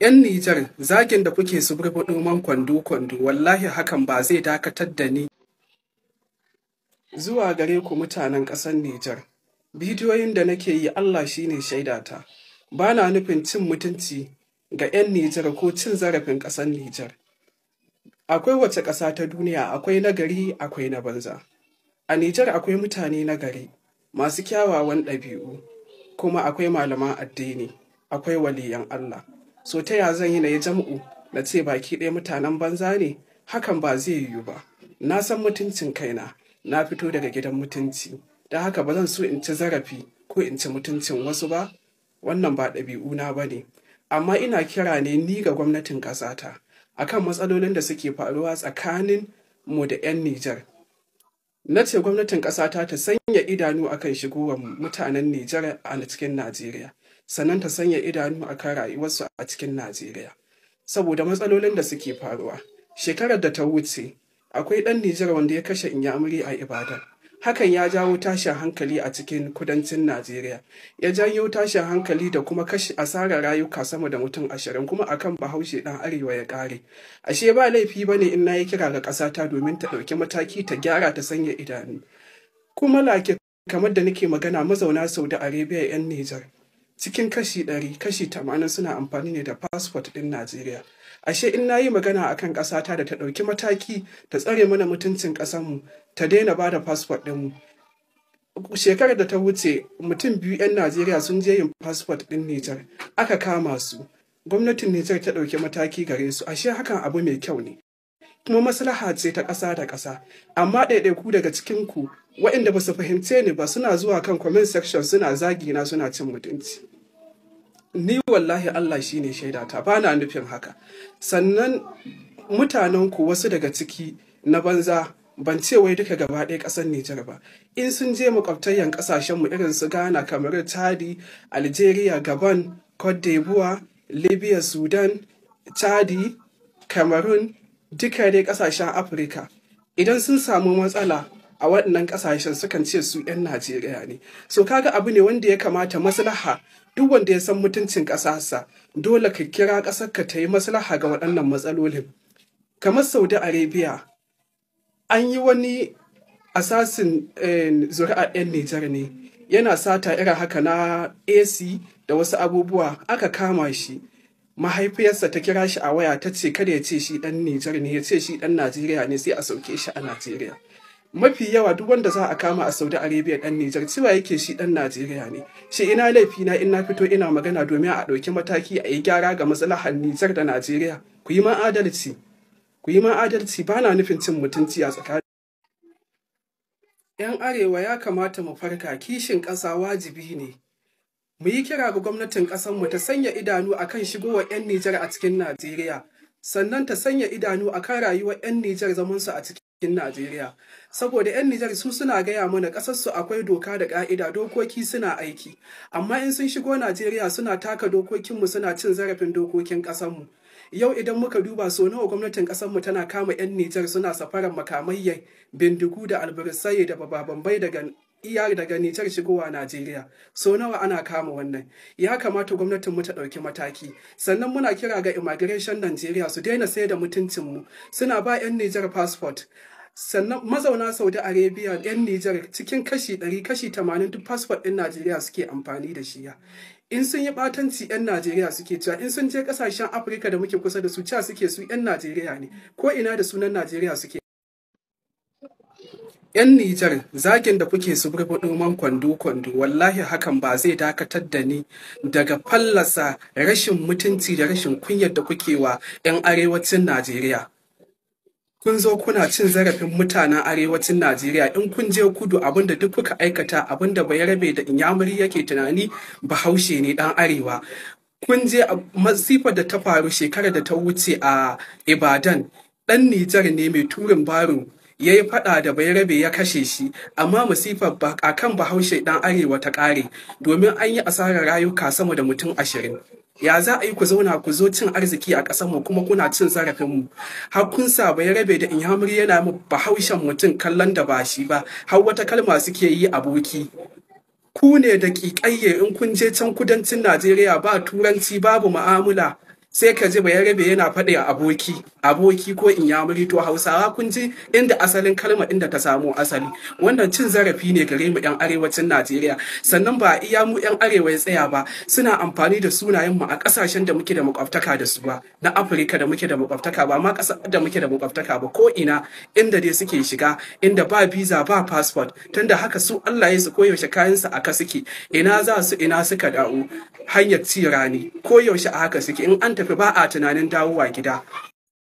'Yan Nijar zagin da kuke su man kwando-kwando wallahi hakan ba zai dakatar da ni. Zuwa gare ku mutanen ƙasar Nijar, bidiyoyin da nake yi Allah shi ne shaidata, ba na nufin cin mutunci ga 'yan Nijar ko cin zarafin ƙasar Nijar. Akwai wace ƙasa ta duniya akwai nagari? akwai na banza. A Nijar akwai mutane nagari, masu kyawawan ɗabi'u, kuma akwai malaman addini, akwai waliyan Allah. so ta ya zan yi na yi jam'u na ce baki ɗaya mutanen banza ne hakan ba zai yiwu ba na san mutuncin kaina na fito daga gidan mutunci da haka ba zan so in ci zarafi ko in ci mutuncin wasu ba wannan ba ɗabi'u na ba ne amma ina kira ne ni ga gwamnatin ƙasata akan matsalolin da suke faruwa tsakanin mu da 'yan Nijar. Na ce gwamnatin ƙasata ta sanya idanu akan shigowar mutanen Nijar a cikin Najeriya. sannan ta sanya idanu a kan rayuwarsu a cikin Najeriya. Saboda matsalolin da suke faruwa, shekarar da ta wuce, akwai ɗan Nijar wanda ya kashe inyamuri a Ibadan. Hakan ya jawo tashin hankali a cikin kudancin Najeriya, ya janyo tashin hankali da kuma kashe asarar rayuka sama da mutum ashirin kuma akan bahaushe ɗan arewa ya ƙare. Ashe ba laifi ba ne in na yi kira ga ƙasata domin ta ɗauki mataki ta gyara ta sanya idanu. Kuma lake kamar da nake magana mazauna Saudi Arabia 'yan Nijar. cikin kashi ɗari kashi tamanin suna amfani ne da fasfot ɗin najeriya ashe in na yi magana a kan ƙasata da ta ɗauki mataki ta tsare mana mutuncin ƙasanmu ta daina ba da fasfot ɗinmu shekarar da ta wuce mutum biyu 'yan najeriya sun je yin fasfot ɗin nijar aka kama su gwamnatin nijar ta ɗauki mataki gare su ashe hakan abu mai kyau ne kuma maslaha ce ta ƙasa da ƙasa amma ɗaiɗaiku daga cikin ku waɗanda ba su fahimce ni ba suna zuwa kan comment section suna zagi na suna cin mutunci ni wallahi Allah shi shine shaidata ba na nufin haka sannan mutanen ku wasu daga ciki na banza ban ce wai duka gaba ɗaya ƙasar Nijar ba in sun je makwabtayyan ƙasashenmu irin su Ghana Cameroon, Chadi Algeria Gabon Cote d'Ivoire Libya Sudan Chadi Cameroon duka dai ƙasashen Afirka idan sun samu matsala a waɗannan ƙasashen sukan ce su 'yan Najeriya ne. So kaga abu ne wanda ya kamata maslaha duk wanda ya san mutuncin ƙasarsa dole ka kira ƙasar ka ta yi maslaha ga waɗannan matsalolin. Kamar Saudi Arabia an yi wani asasin eh, zuri'a 'yan Nijar ne yana sata irin haka na AC da wasu abubuwa aka kama shi. mahaifiyarsa ta kira shi a waya ta ce kada ya ce shi ɗan Nijar ne ya ce shi ɗan Najeriya ne sai a sauke shi a Najeriya. mafi yawa duk wanda za a kama a Saudi Arabia dan Nijar cewa yake shi dan Najeriya ne shi ina laifi na in fito ina magana domin a ɗauki mataki a yi gyara ga maslahar Nijar da Najeriya ku yi ma adalci ku yi ma ba na nufin cin mutunci a tsakanin yan arewa ya kamata mu farka kishin ƙasa wajibi ne mu yi kira ga gwamnatin ƙasanmu ta sanya idanu akan shigowar 'yan Nijar a cikin Najeriya sannan ta sanya idanu akan rayuwar 'yan Nijar zamansu a cikin cikin Najeriya. Saboda 'yan Nijar su suna gaya mana ƙasarsu akwai doka da ƙa'ida dokoki suna aiki, amma in sun shigo Najeriya suna taka dokokinmu suna cin zarafin dokokin ƙasarmu. Yau idan muka duba so nawa gwamnatin ƙasarmu tana kama 'yan Nijar suna safarar makamayyar bindigu da alburusaye da bababambai daga iya daga Nijar shigowa Najeriya so nawa ana kama wannan ya kamata gwamnatin mu ta ɗauki mataki sannan muna kira ga immigration Najeriya su daina sai da mutuncin mu suna ba 'yan Nijar passport sannan mazauna saudi arabia yan nijar cikin kashi ɗari kashi tamanin duk passport ɗin najeriya suke amfani da shi ya in sun yi batanci yan najeriya suke cewa in sun je kasashen afirka da muke kusa da su cewa suke su yan najeriya ne ko ina da sunan najeriya suke 'yan Nijar zagin da kuke suburbuɗo man kwando-kwando wallahi hakan ba zai dakatar da ni daga fallasa rashin mutunci da rashin kunyar da kuke wa 'yan arewacin Najeriya. Kun zo kuna cin zarafin mutanen arewacin Najeriya in kun je kudu abinda duk kuka aikata abinda bai rabe da inyamuri yake tunani bahaushe ne ɗan arewa. Kun je masifar da ta faru shekarar da ta wuce a Ibadan ɗan Nijar ne mai turin baro ya yi faɗa da Bayarabe ya kashe shi, amma masifar ba a kan Bahaushe ɗan Arewa ta ƙare, domin an yi asarar rayuka sama da mutum ashirin. ya za a yi ku zauna ku zo cin arziki a ƙasarmu kuma kuna cin zarafinmu hakunsa bai rabe da inyamuri yana mu bahaushen mutum kallon da ba shi ba har wata kalma suke yi aboki ku ne da ƙiƙayye in kun je can kudancin najeriya ba turanci babu ma'amula sai ka ji rabe yana faɗi a aboki aboki ko in yamuri to hausawa kun ji inda asalin kalma inda ta samo asali wannan cin zarafi ne gare mu yan arewacin najeriya sannan ba iya mu yan arewa ya tsaya ba suna amfani da sunayen mu a kasashen da muke da makwabtaka da su ba na afirka da muke da makwabtaka ba ma ƙasar da muke da makwabtaka ba ko ina inda dai suke shiga inda ba visa ba passport tunda haka su allah ya su koyaushe kayansu a ka suke ina za su ina suka dawo hanyar ci rani koyaushe a haka suke in an tafi ba a tunanin dawowa gida